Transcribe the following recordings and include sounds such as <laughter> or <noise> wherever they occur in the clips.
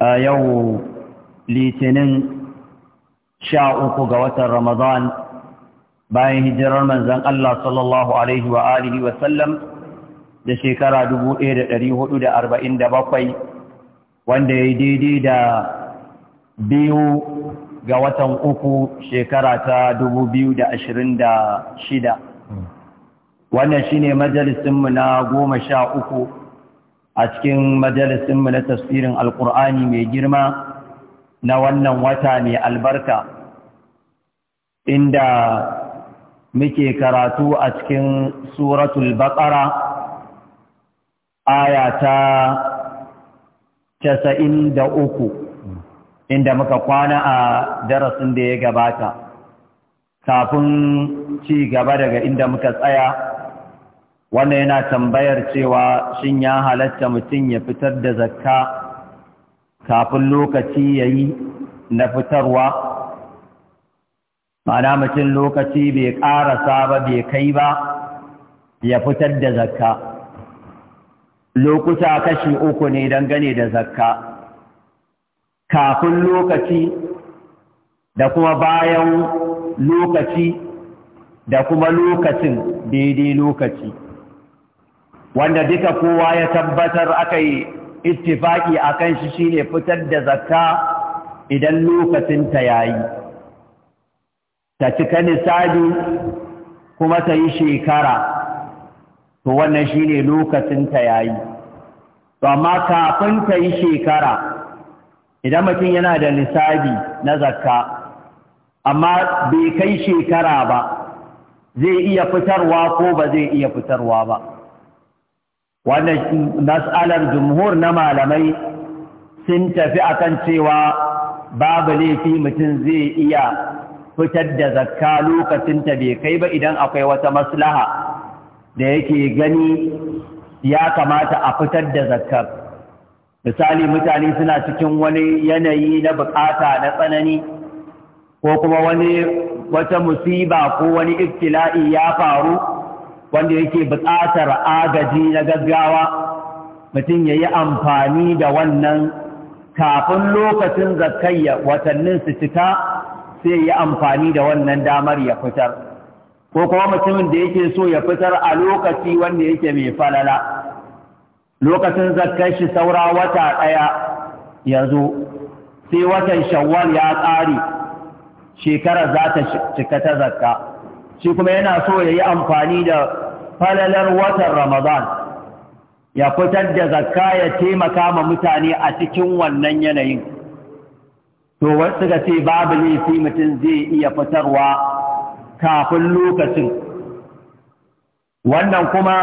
a yau litinin sha uku ga watan Ramadan bayan hijirar manzan Allah sallallahu Alaihi wa alihi da shekara 1447 wanda ya daidai da biyu ga watan uku shekara ta 2026 hmm. wannan shine majalisinmu na goma sha uku a cikin majalisinmu na tafsirin alkur'ani mai girma na wannan wata mai albarka inda muke karatu a cikin suratul baqara aya ta 93 inda muka kwana a darasin da ya gabata kafin ci gaba daga inda muka tsaya wanda yana tambayar cewa shin ya halatta mutum ya fitar da zakka kafin lokaci ya yi na fitarwa mana mutum lokaci bai ƙara ba bai kai ba ya fitar da zakka lokuta kashi uku ne dangane da zakka kafin lokaci da kuma bayan lokaci da kuma lokacin daidai lokaci wanda duka kowa ya tabbatar aka yi ittifaki a kan shi ne fitar da zakka idan lokacinta ya yi ta cika nisabi kuma ta yi shekara to wannan shi ne lokacinta ya yi to amma kafin ta yi shekara idan mutum yana da nisabi na zakka amma bai kai shekara ba zai iya fitarwa ko ba zai iya fitarwa ba wannan nas'alar jumhur na malamai sun tafi akan cewa babu laifi mutum zai iya fitar da zakka lokacinta bai kai ba idan akwai wata maslaha da yake gani ya kamata a fitar da zakkar misali mutane suna cikin wani yanayi na bukata na tsanani ko kuma wani wata musiba ko wani ibtila'i ya faru wanda yake buƙatar agaji na gaggawa mutum ya yi amfani da wannan kafin lokacin zakayya watannin su cika sai ya yi amfani da wannan damar ya fitar ko kuma mutumin da yake so ya fitar a lokaci wanda yake mai falala lokacin zakar shi saura wata ɗaya ya zo sai watan shawwal ya ƙare shekara za ta cika ta zakka shi kuma yana so ya yi amfani da falalar watan Ramadan ya fitar da zakka ya taimaka ma mutane a cikin wannan yanayin. To, wasu ga ce babu laifi mutum zai iya fitarwa kafin lokacin. Wannan kuma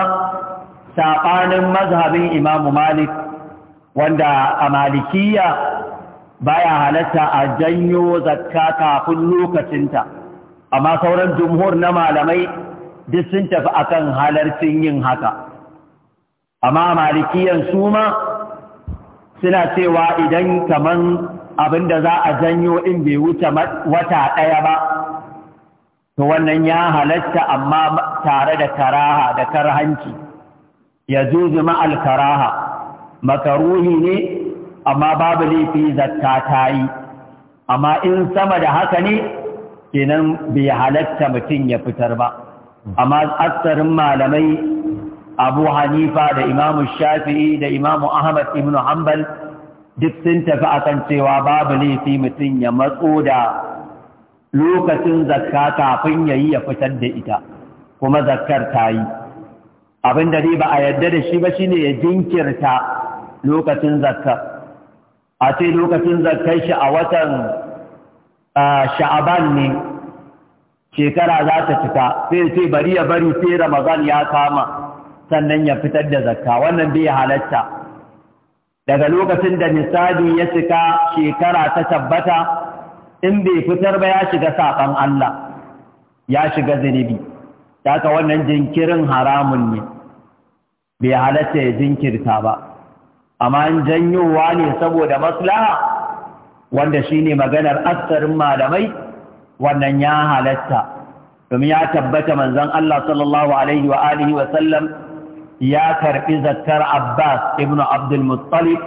saɓanin mazhabin Imam Malik, wanda a Malikiya baya halatta a janyo zakka kafin lokacinta, amma sauran jumhur na malamai duk sun tafi akan halarcin yin haka amma malikiyan su ma suna cewa idan kamar abin da za a janyo in bai wuce wata ɗaya ba to wannan ya halatta amma tare da karaha da karhanci ya zuzu ma'al karaha makaruhi ne amma babu laifi zakka ta yi amma in sama da haka ne kenan bai halatta mutum ya fitar ba amma aksarin malamai abu hanifa da imamu shafi'i da imamu ahmad ibn hanbal duk sun tafi akan cewa babu laifi mutum ya matso da lokacin zakka kafin ya yi ya fitar da ita kuma zakkar ta yi abin da ba a yadda da shi ba shine ya jinkirta lokacin zakka a ce lokacin zakkar shi a watan sha'aban ne shekara za ta cika sai sai bari ya bari sai ramadan ya kama sannan ya fitar da zakka wannan bai halarta. daga lokacin da nisabi ya cika shekara ta tabbata in bai fitar ba ya shiga saƙon Allah ya shiga zinubi daga wannan jinkirin haramun ne bai halarta ya jinkirta ba amma in janyowa ne saboda maslaha wanda shine maganar aksarin malamai wannan ya halatta domin ya tabbata manzon Allah sallallahu alaihi wa alihi wa sallam ya karbi zakkar Abbas ibn Abdul Muttalib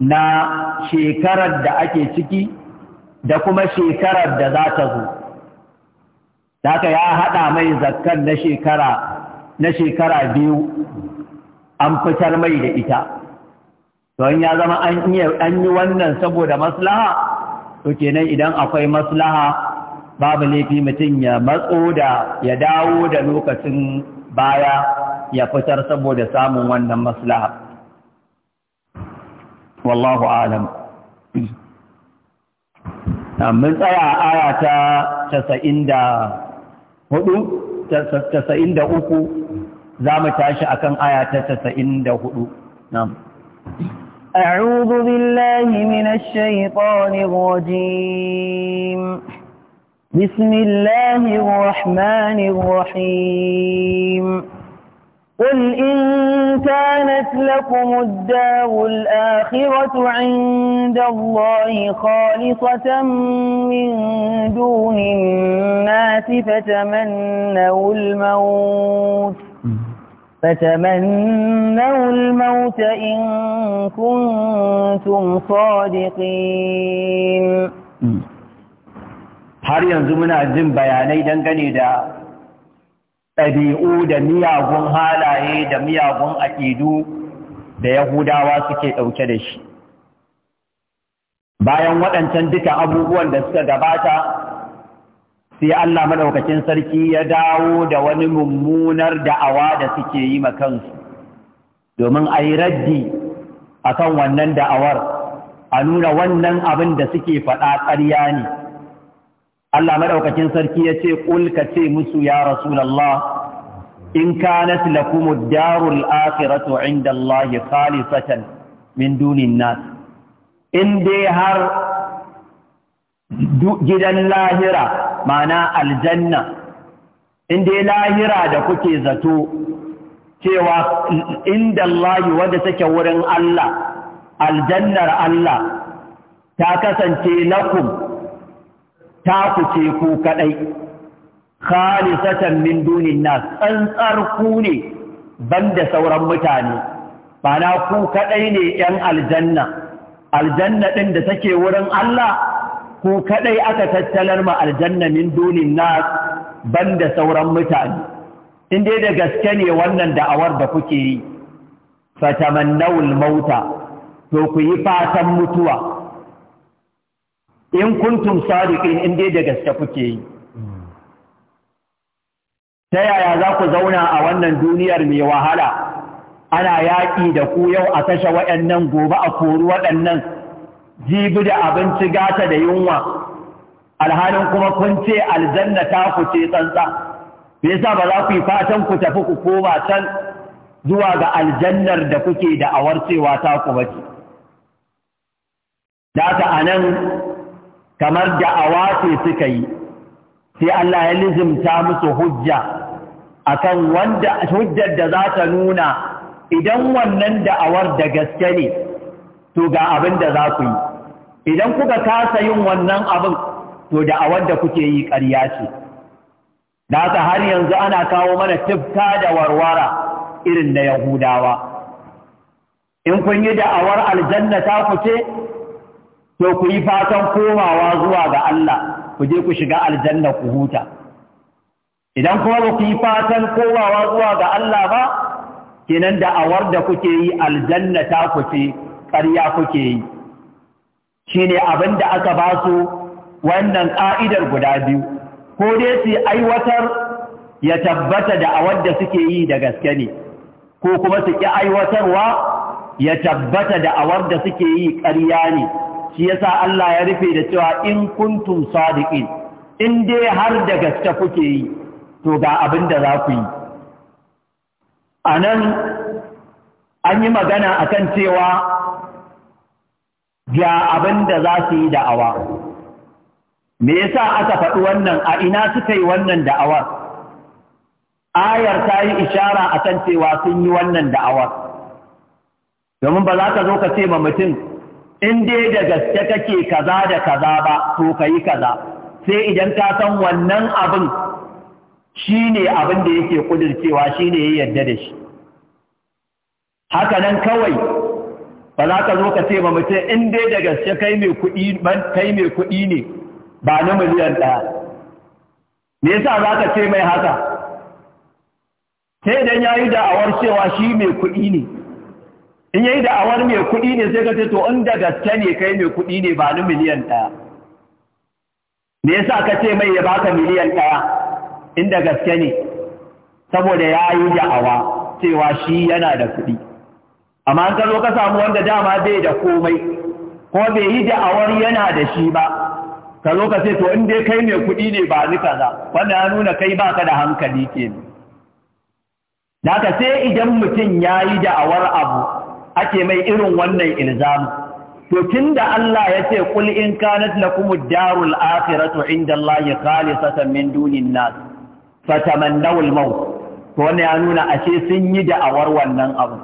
na shekarar da ake ciki da kuma shekarar da za ta zo haka ya hada mai zakkar na shekara na shekara biyu an fitar mai da ita don ya zama an yi wannan saboda maslaha to kenan idan akwai maslaha babu laifi mutum ya matso da ya dawo da lokacin baya ya fitar saboda samun wannan maslaha wallahu alam mun tsaya a aya ta da uku, za mu tashi akan aya ta 94 na'am أعوذ بالله من الشيطان الرجيم بسم الله الرحمن الرحيم قل إن كانت لكم الدار الآخرة عند الله خالصة من دون الناس فتمنوا الموت فتمنوا الموت إن كنتم صادقين har yanzu muna jin bayanai dangane da ɗabi'u da miyagun halaye da miyagun aƙidu da yahudawa suke ɗauke da shi bayan waɗancan duka abubuwan da suka gabata sai Allah maɗaukacin sarki ya dawo da wani mummunar da'awa da suke yi makansu domin a yi raddi a kan wannan da'awar a nuna wannan abin da suke faɗa ƙarya ne Allah madaukakin sarki yace qul ka ce musu ya rasulullah in kanat lakum ad-darul akhiratu 'inda Allah khalisatan min dunin nas in dai har gidan lahira ma'ana aljanna in dai lahira da kuke zato cewa inda Allah wadda take wurin Allah aljannar Allah ta kasance lakum ta ku ce ku kaɗai, khalisatan min dunin nas tsantsar ku ne banda sauran mutane ba na ku kaɗai ne yan aljanna aljanna ɗin da take wurin Allah ku kaɗai aka tattalar ma aljanna min dunin nas banda sauran mutane in dai da gaske ne wannan da'awar da kuke yi fatamannawul mauta to ku yi fatan mutuwa in kuntum sadiqin in dai da gaske kuke yi ta yaya za ku zauna a wannan duniyar mai wahala ana yaƙi da ku yau a kashe waɗannan gobe a kori waɗannan jibi da abinci gata da yunwa alhalin kuma kun ce aljanna ta ku ce tsantsa me yasa ba za ku yi fatan ku tafi ku koma can zuwa ga aljannar da kuke da awarcewa ta ku bace da ta anan kamar da'awa ce suka yi sai Allah ya lizimta musu hujja akan wanda hujjar da za ta nuna idan wannan da'awar da gaske ne to ga abin da za ku yi idan kuka kasa yin wannan abin to da'awar da kuke yi ƙarya ce da ta har yanzu ana kawo mana tifka da warwara irin na yahudawa in kun yi da'awar aljanna ta ku ce to ku yi fatan komawa zuwa ga Allah ku je ku shiga aljanna ku huta idan kuma ba ku yi fatan komawa zuwa ga Allah ba kenan awar da kuke yi aljanna ta ku ce ƙarya kuke yi shine abin da aka ba su wannan ƙa'idar guda biyu ko dai su aiwatar ya tabbata da awar da suke yi da gaske ne ko kuma su ƙi aiwatarwa ya tabbata da awar da suke yi ƙarya ne shi yasa Allah ya rufe da cewa in kuntum sadiqin in dai har da gaske kuke yi to ga abin da za ku yi anan an yi magana akan cewa ga abin da za su yi da'awa me yasa aka faɗi wannan a ina suka yi wannan da'awar ayar ta yi ishara akan cewa sun yi wannan da'awar domin ba za ka zo ka ce ma mutum in dai da gaske kake kaza da kaza ba to kayi kaza sai idan ka san wannan abin shine abin da yake kudircewa shine ya yarda da shi haka nan kawai ba za ka zo ka ce ba mutum in dai da gaske kai mai kuɗi kai mai kuɗi ne ba na miliyan ɗaya me yasa za ka ce mai haka sai idan ya yi da'awar cewa shi mai kuɗi ne in yayi da awar mai kuɗi ne sai ka ce to inda gaske ne kai mai kuɗi ne ba ni miliyan ɗaya me yasa ka ce mai ya baka miliyan ɗaya inda gaske ne saboda ya yi da'awa cewa shi yana da kuɗi amma an zo ka samu wanda dama bai da komai ko bai yi da'awar yana da shi ba ka zo ka ce to in dai kai mai kuɗi ne ba ni kaza wanda ya nuna kai baka da hankali kenan da ka sai idan mutum ya yi da'awar abu ake mai irin wannan ilzamin to tunda Allah ya ce qul in kanat lakumud darul akhiratu Allah khalisatan min dunin nas fatamannaw al-maut to wannan ya nuna ashe sun yi da awar wannan abu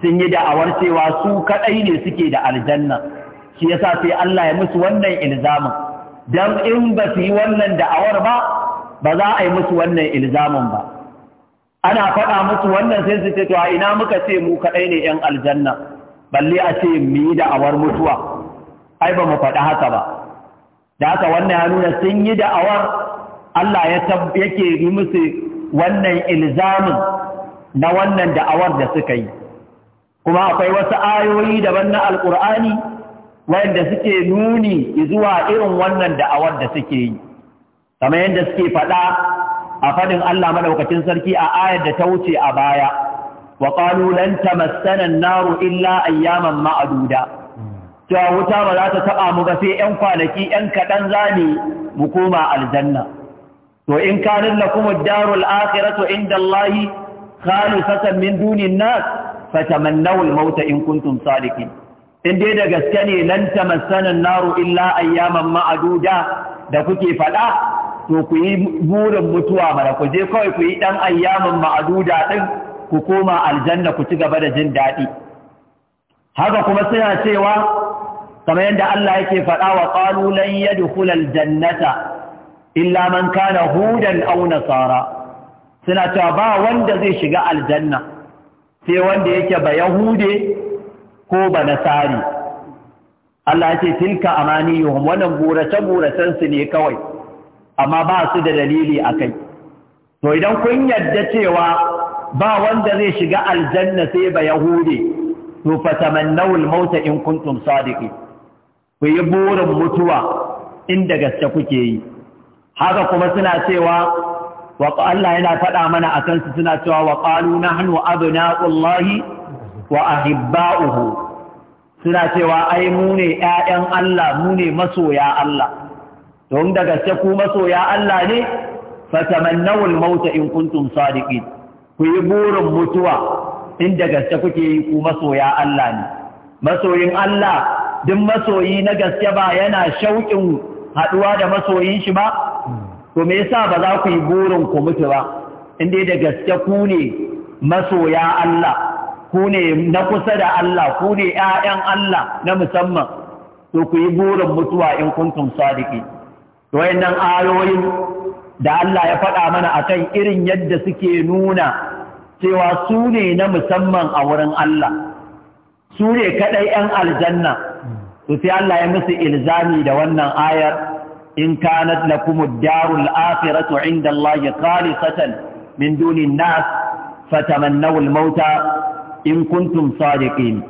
sun yi da awar cewa su kadai ne suke da aljanna shi yasa sai Allah ya musu wannan ilzamin dan in ba su yi wannan da awar ba ba za a yi musu wannan ilzamin ba ana faɗa musu wannan sai su ce to a ina muka ce mu kaɗai ne ‘yan aljanna balle a ce mu yi da'awar mutuwa ai ba mu faɗi haka ba da haka wannan ya nuna sun yi da'awar Allah ya yake yi musu wannan ilzamin na wannan da'awar da suka yi kuma akwai wasu ayoyi daban na alƙur'ani wanda suke nuni zuwa irin wannan da'awar da suke yi kamar yadda suke faɗa a faɗin Allah madaukakin sarki a ayar da ta wuce a baya wa qalu lan tamassana an-naru illa ayyaman ma'duda cewa wuta ba za ta taba mu ba sai yan kwanaki yan kadan ne mu koma aljanna to in kana lakum ad-darul akhiratu inda Allah khalisatan min dunin nas fatamannaw al-maut in kuntum sadiqin in dai da gaske ne lan tamassana an-naru illa ayyaman ma'duda da kuke faɗa? to ku yi burin mutuwa mara ku je kawai ku yi ɗan ayyamin ma'aduda ɗin ku koma aljanna ku ci gaba da jin daɗi haka kuma suna cewa kamar yadda Allah yake faɗa wa qalu lan yadkhula jannata. illa man kana hudan au nasara suna cewa ba wanda zai shiga aljanna sai wanda yake ba yahude ko ba nasari Allah ya ce tilka amaniyuhum wannan burace-buracensu ne kawai amma ba su da dalili a kai to idan kun yarda cewa ba wanda zai shiga aljanna sai ba yahudi to fatamannawul mauta in kuntum sadiqi ku yi burin mutuwa inda gaske kuke yi haka kuma suna cewa Allah yana faɗa mana a kansu suna cewa wa na hannu abina'ullahi wa ahibba'uhu suna cewa ai mu ne ‘ya'yan Allah mu ne masoya Allah don da gaske ku masoya Allah ne fatamannawul al-maut in kuntum sadiqin ku yi burin mutuwa in da gaske kuke yi ku masoya Allah ne masoyin Allah duk masoyi na gaske ba yana shauƙin haduwa da masoyin shi ba to me yasa ba za ku yi burin ku mutu ba In dai da gaske ku ne masoya Allah ku ne na kusa da Allah ku ne ƴaƴan Allah na musamman to ku yi burin mutuwa in kuntum sadiqin wayannan ayoyin da Allah ya faɗa mana akan irin yadda suke nuna cewa su ne na musamman a wurin Allah su ne kaɗai 'yan aljanna su sai Allah ya musu ilzami da wannan ayar in kanat na kuma darul akhiratu 'inda Allah khalisatan min duni nas fatamannaw mauta in kuntum sadiqin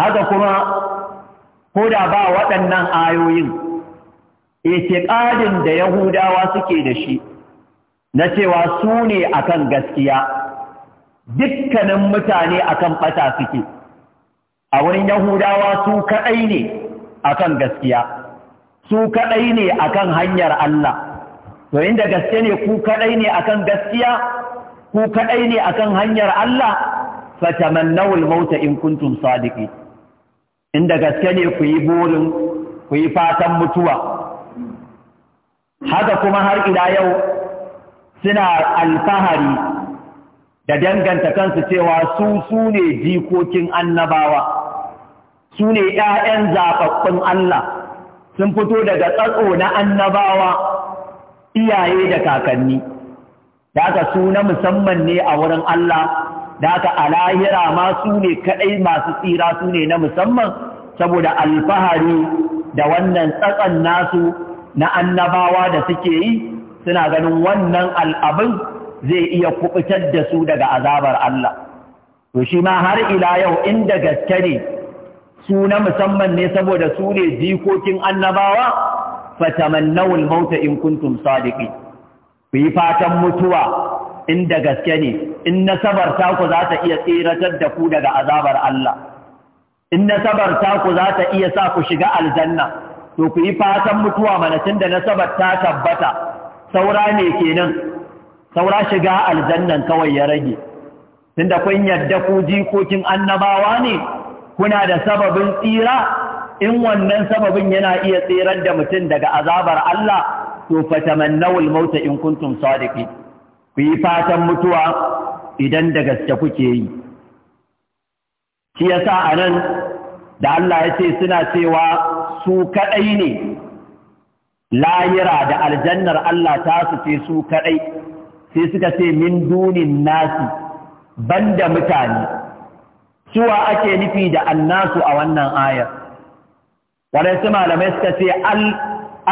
haka kuma ko da ba waɗannan ayoyin itiqadin da yahudawa suke da shi na cewa su ne akan gaskiya dukkanin mutane akan bata suke a wurin yahudawa su kadai ne akan gaskiya su kadai ne akan hanyar Allah to inda gaske ne ku kadai ne akan gaskiya ku kadai ne akan hanyar Allah fatamannawul mauta in kuntum sadiqin inda gaske ne ku yi burin ku yi fatan mutuwa haka kuma har ila yau suna alfahari da danganta kansu cewa su su ne jikokin annabawa su ne ‘ya'yan zaɓaɓɓun Allah sun fito daga tsatso na annabawa iyaye da kakanni da aka su na musamman ne a wurin Allah da aka a lahira ma su ne kaɗai masu tsira su ne na musamman saboda alfahari da wannan tsatson nasu na annabawa da suke yi suna ganin wannan al'abin zai iya kuɓutar da su daga azabar Allah. To shi ma har ila yau inda gaske ne su na musamman ne saboda su ne jikokin annabawa fatamannawul mauta in kuntum sadiqi ku yi fatan mutuwa inda gaske ne in nasabar taku za ta iya tseratar da ku daga azabar Allah in nasabar taku za ta iya sa ku shiga aljanna to ku yi fatan mutuwa mana da nasabar ta tabbata saura ne kenan saura shiga aljannan kawai ya rage tunda kun yadda ku jikokin annabawa ne kuna da sababin tsira in wannan sababin yana iya tsirar da mutum daga azabar Allah to fatamannawul mauta in kuntum sadiqin ku yi fatan mutuwa idan da gaske kuke yi shi yasa anan da Allah ya ce suna cewa su kaɗai ne layira da aljannar Allah ta su ce su kaɗai sai suka ce min dunin nasi banda mutane suwa ake nufi da annasu a wannan ayar su malamai suka ce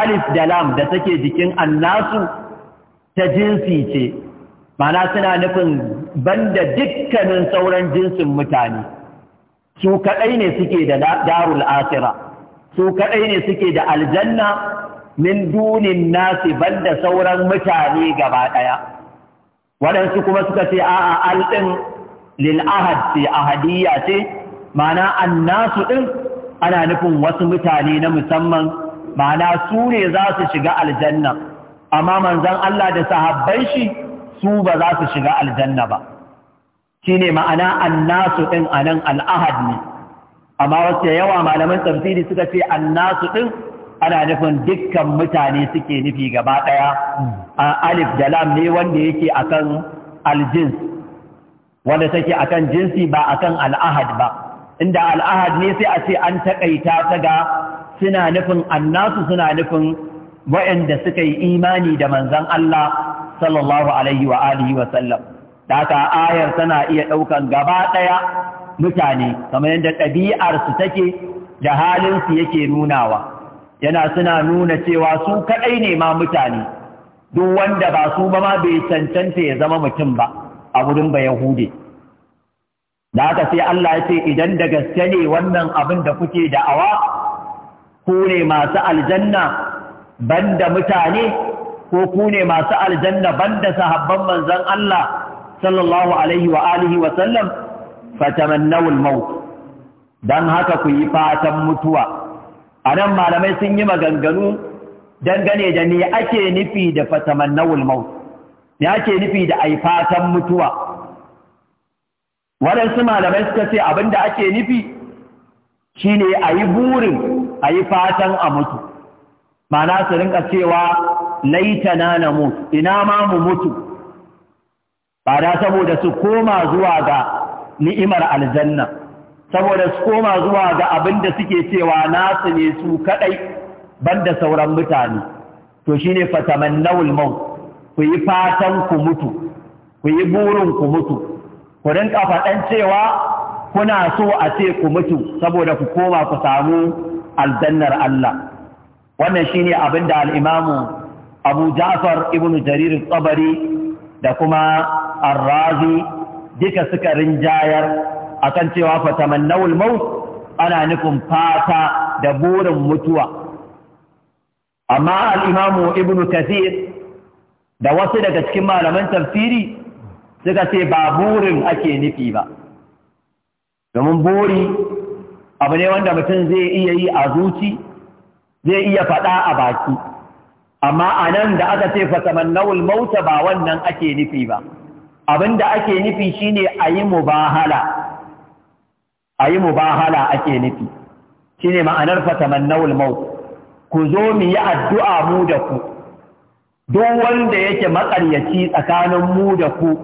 alif da lam da take jikin annasu ta jinsi ce mana suna nufin banda dukkanin sauran jinsin mutane su kaɗai ne suke da darul asira su kaɗai ne suke da aljanna min dunin nasi banda sauran mutane gaba ɗaya waɗansu kuma suka ce a'a alɗin lil'ahad ce ahadiyya ce ma'ana annasu ɗin ana nufin wasu mutane na musamman ma'ana su ne za su shiga aljanna amma manzon Allah da sahabban shi su ba za su shiga aljanna ba shine ma'ana annasu ɗin a nan al'ahad ne amma wasu yawa malaman tafsiri suka ce annasu ɗin, ana nufin dukkan mutane suke nufi gaba ɗaya alif da lam ne wanda yake akan aljins wanda take akan jinsi ba akan al'ahad ba inda al'ahad ne sai a ce an takaita ta ga suna nufin annasu suna nufin waɗanda suka yi imani da manzon Allah sallallahu alaihi wa alihi wa sallam da ayar tana iya ɗaukan gaba ɗaya mutane kamar yadda ɗabi'arsu take da halinsu yake nunawa yana suna nuna cewa su kaɗai ne ma mutane duk wanda ba su ba ma bai cancanta ya zama mutum ba a wurin ba yahude da haka sai Allah ya ce idan da gaske ne wannan abin da kuke da'awa ku ne masu aljanna banda mutane ko ku ne masu aljanna banda sahabban manzon Allah sallallahu alaihi wa alihi wa sallam fatamannawul maut dan haka ku yi fatan mutuwa anan malamai sun yi maganganu dangane da ni ake nufi da fatamannawul maut me ake nufi da ai fatan mutuwa waɗansu malamai suka ce abinda ake nufi shine ayi burin ayi fatan a mutu Mana su rinka cewa laitana na mutu ina ma mu mutu ba saboda su koma zuwa ga ni'imar aljanna saboda su koma zuwa ga abin da suke cewa nasu ne su kadai banda sauran mutane to shine fatamannawul maut ku yi fatan ku mutu ku yi burin ku mutu ku rinka fadan cewa kuna so a ce ku mutu saboda ku koma ku samu aljannar Allah wannan shine abin da al-imamu Abu Ja'far ibn Jarir al-Tabari da kuma Ar-Razi duka suka rinjayar a kan cewa fatamannawul maut ana nufin fata da burin mutuwa amma al Ibn ibnu kathir da wasu daga cikin malaman tafsiri suka ce ba burin ake nufi ba domin buri abu ne wanda mutum zai iya yi a zuci zai iya faɗa a baki amma a nan da aka ce fasamannawul mauta ba wannan ake nufi ba Abin da ake nufi shine a yi mubahala a yi mubahala ake nufi shine ma'anar Fataman Nawul mau ku zo mu yi addu'a mu da ku Don wanda yake matsaryaci tsakanin mu da ku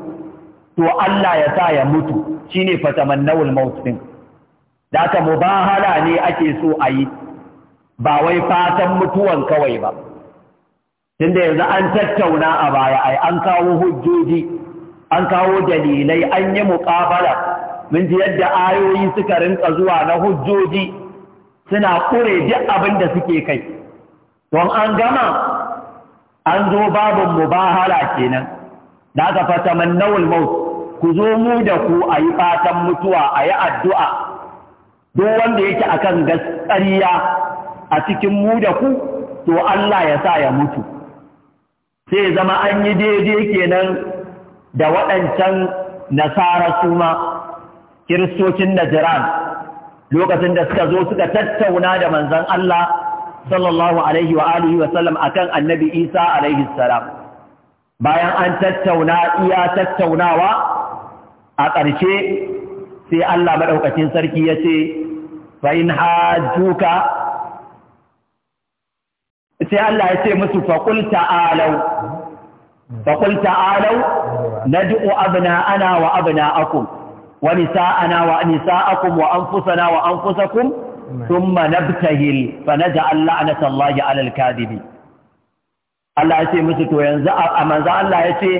to Allah ya sa ya mutu shine Fataman Nawul din da aka mubahala ne ake so a yi ba wai fatan mutuwan kawai ba tunda yanzu an tattauna a baya ai an kawo hujjoji an kawo dalilai an yi muƙabala mun ji yadda ayoyi suka rinka zuwa na hujjoji suna ƙure duk abin da suke kai don an gama an zo babin mubahala kenan da aka fata mannawul maut ku zo mu da ku a yi fatan mutuwa a yi addu'a don wanda yake akan gaskariya a cikin mu da ku to Allah ya sa ya mutu sai zama an yi daidai kenan da waɗancan nasara su ma kiristocin Najiran lokacin da suka zo suka tattauna da manzan Allah sallallahu alaihi wa alihi wa sallam akan annabi Isa alaihi salam bayan an tattauna iya tattaunawa a ƙarshe sai Allah maɗaukacin sarki ya ce Fa'in in hajjuka sai Allah ya ce musu faƙulta ta'alau faqul ta'alau nad'u ana wa abna'akum wa nisa'ana wa nisa'akum wa anfusana wa anfusakum thumma nabtahil fa naj'al la'nata Allahi 'alal kadhibin Allah ya ce musu to yanzu a manzo Allah ya ce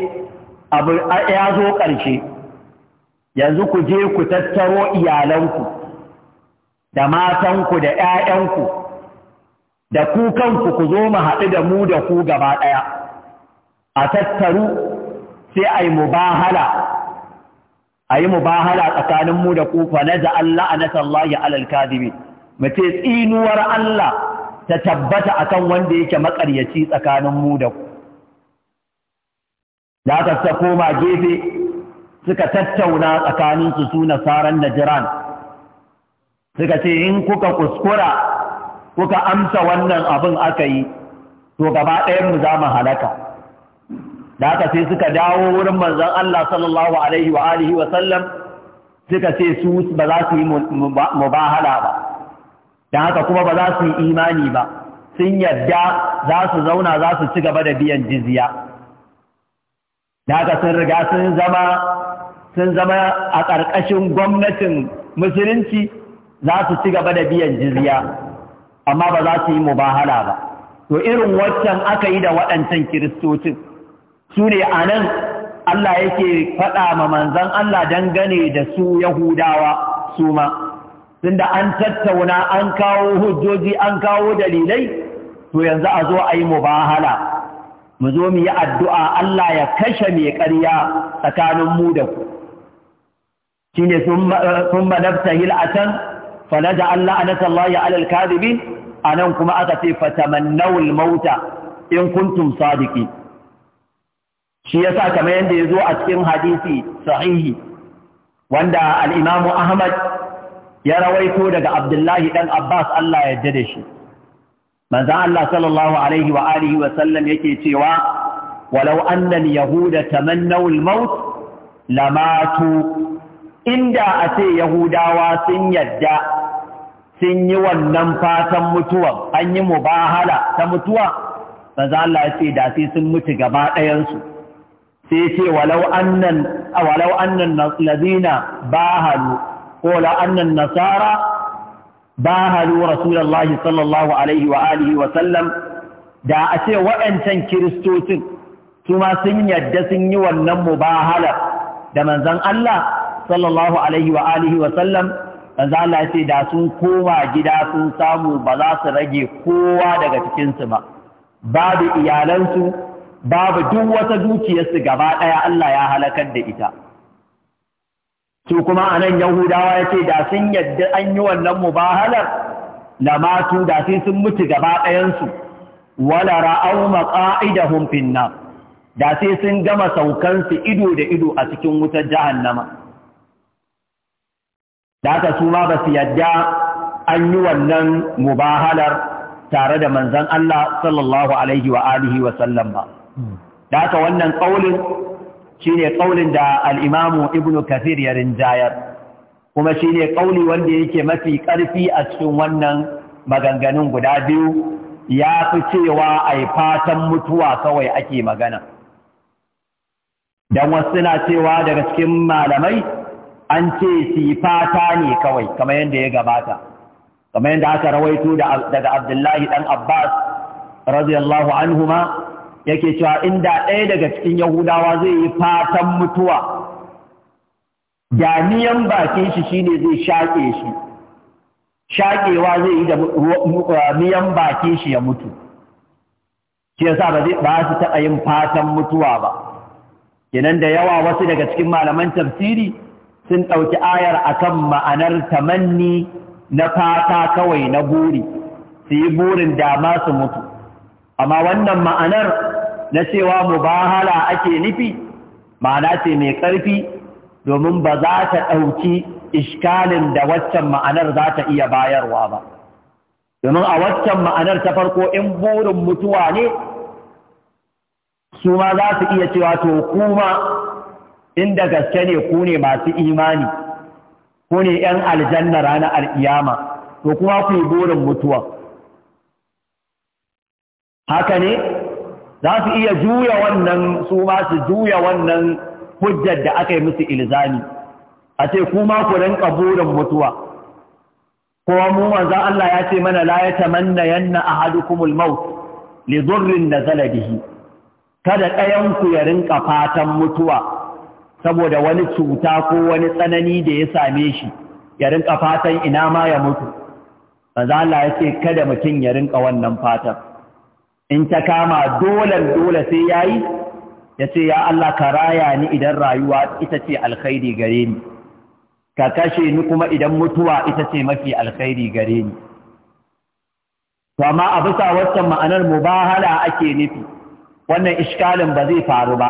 abu ya zo ƙarshe yanzu ku je ku tattaro iyalanku da matanku da ‘ya'yanku da ku kanku ku zo mu haɗu da mu da ku gaba ɗaya a tattaru sai a yi mubahala a yi mubahala tsakanin da kufa na da Allah a nasallahi alal kadibi mace tsinuwar Allah ta tabbata akan wanda yake makaryaci tsakanin mu da ku da aka ta koma gefe suka tattauna tsakaninsu su su da najiran suka ce in kuka kuskura kuka amsa wannan abin aka yi to gaba ɗayan mu za mu halaka da aka sai suka dawo wurin manzon Allah sallallahu alaihi wa alihi wa sallam suka ce su ba za su yi mubahala ba da haka kuma ba za su yi imani ba sun yadda za su zauna za su ci gaba da biyan jizya da haka sun riga sun zama sun zama a ƙarƙashin gwamnatin musulunci za su ci gaba da biyan jizya amma ba za su yi mubahala ba to irin waccan aka yi da waɗancan kiristocin su ne a nan Allah yake faɗa ma manzan Allah dangane da su Yahudawa su ma da an tattauna an kawo hujjoji an kawo dalilai to yanzu a zo a yi mubahala mu zo mu yi addu'a Allah ya kashe mai ƙarya tsakanin mu da ku shi ne sun manafta hil a can Allah a nasallahi alal kadibi a nan kuma aka ce fatamannawul mauta in kuntum sadiki shi yasa kamar yadda ya zo a cikin hadisi sahihi wanda al'imamu Ahmad ya rawaito daga Abdullahi ɗan Abbas Allah ya da shi. Manzan Allah sallallahu Alaihi wa alihi yake cewa, walau annan Yahuda tamannawul maut lamatu inda a ce Yahudawa sun yadda sun yi wannan fatan mutuwa, an yi mubahala ta mutuwa, manzan Allah ya ce da sai sun mutu gaba ɗayansu. sai ce walau annan walau annan ladina ko la annan nasara bahalu rasulallah sallallahu alaihi wa alihi wa sallam da a ce waɗancan kiristocin su sun yadda sun yi wannan halar. da manzon Allah sallallahu alaihi wa alihi wa sallam manzon Allah ya ce da sun koma gida sun samu ba za su rage kowa daga cikinsu ba babu iyalansu babu duk wata dukiyarsu gaba ɗaya Allah ya halakar da ita. To kuma a nan Yahudawa ya ce da sun yadda an yi wannan mubahalar da matu da sai sun mutu gaba ɗayansu, wala ra'au maƙa'idahun nan, da sai sun gama saukansu ido da ido a cikin wutar jahannama. Da haka su ma ba su yadda an yi wannan mubahalar tare da manzan Allah sallallahu Alaihi wa alihi wa sallam ba. da wannan ƙaulin ne ƙaulin da al'imamu Ibn kathir ya rinjayar kuma ne ƙauli wanda yake mafi ƙarfi a cikin wannan maganganun guda biyu ya fi cewa a yi fatan mutuwa kawai ake magana don wasu suna cewa daga cikin malamai an ce su yi fata ne kawai kamar yadda ya gabata kamar yadda aka rawaito daga abdullahi ɗan abbas radiyallahu anhuma yake cewa inda ɗaya daga cikin yahudawa zai yi fatan mutuwa jami'an bakin shi shine zai shaƙe shi shaƙewa zai yi da uh, miyan bakin shi ya mutu shi sa ba ba su taɓa yin fatan mutuwa ba kenan da yawa wasu daga cikin malaman tafsiri sun ɗauki ayar a kan ma'anar tamanni na fata kawai na buri su yi burin dama su mutu amma wannan ma'anar na cewa mubahala ake nufi ma'ana ce mai ƙarfi domin ba za ta ɗauki iskalin da waccan ma'anar za ta iya bayarwa ba domin a waccan ma'anar ta farko in burin mutuwa ne su ma za su iya cewa to kuma inda gaske ne ku ne masu imani ku ne 'yan aljanna rana al'iyama to kuma ku yi burin mutuwa haka ne za su iya juya wannan su ma su juya wannan hujjar da aka yi musu ilzami a ce kuma ku rinka burin mutuwa kowa mu manzan Allah ya ce mana la ya tamanna yanna ahadukumul maut li dhurrin nazala bihi kada ɗayan ku ya rinka fatan mutuwa saboda wani cuta ko wani tsanani da ya same shi ya rinka fatan ina ma ya mutu manzan Allah ya ce kada mutum ya rinka wannan fatan in ta kama dole dole sai yayi ya ce ya Allah ka raya ni idan rayuwa ita ce alkhairi gare ni ka kashe ni kuma idan mutuwa ita ce mafi alkhairi gare ni to amma a bisa waccan ma'anar mubahala ake nufi wannan iskalin ba zai faru ba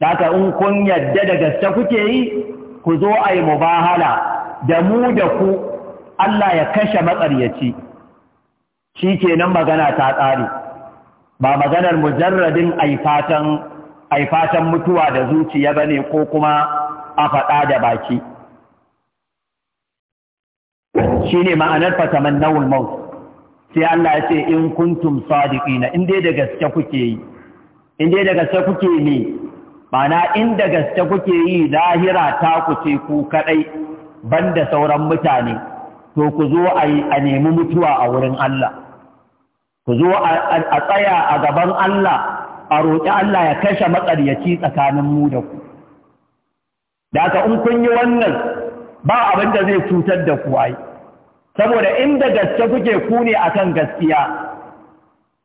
haka in kun yadda da gaske kuke yi ku zo a yi mubahala da mu da ku Allah ya kashe matsaryaci shi kenan magana ta tsare ba maganar mujarradin aifatan mutuwa da zuciya bane ko kuma a faɗa da baki shine ma'anar fatamannawul maut sai Allah ya ce in kuntum sadiqina in dai da gaske kuke yi in da gaske kuke ne mana in da gaske kuke yi lahira ta ku ce ku kadai banda sauran mutane to ku zo a nemi mutuwa a wurin Allah ku zo a tsaya a gaban Allah a roƙi Allah ya kashe matsaryaci tsakanin mu da ku da aka in kun yi wannan ba abin da zai cutar da ku ai saboda inda gaske kuke ku ne akan gaskiya